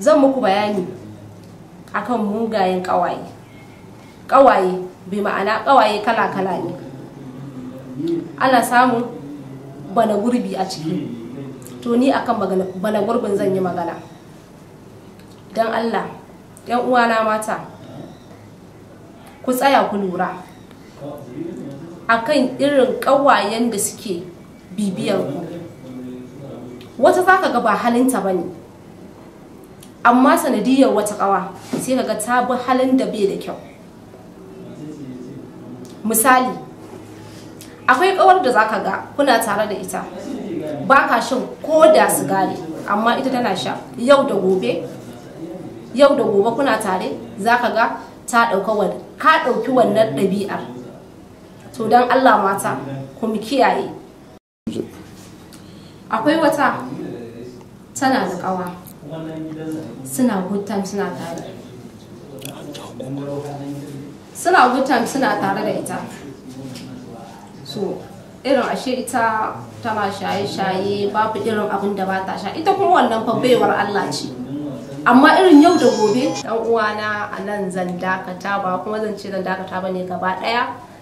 zan muku bayani akan mugayen ƙawaye ƙawaye bai ma'ana ƙawaye kala-kala ne ana samun bana gurbi a ciki to ni akan bana gurbin zan yi magana don allah yan uwana mata ku tsaya ku lura akan irin ƙawayen da suke bibiyar ku wata za ka ga ba halinta ba ne amma sanadiyar wata kawa sai kaga ta bi halin da bai da kyau misali akwai kawar da zaka ga kuna tare da ita ba ka shan ko da sigari amma ita tana sha yau da gobe yau da gobe kuna tare zaka ga ta dauka wani ka dauki wannan ɗabi'ar to don allah mata ku mu kiyaye akwai wata tana da kawa suna good time suna tare da ita so irin ashe ita tana shaye-shaye babu irin abin da ba ta sha ita kuma wannan fa baiwar Allah ce amma irin yau da gobe dan uwana a nan zan dakata ba kuma zan ce zan dakata ba ne gaba daya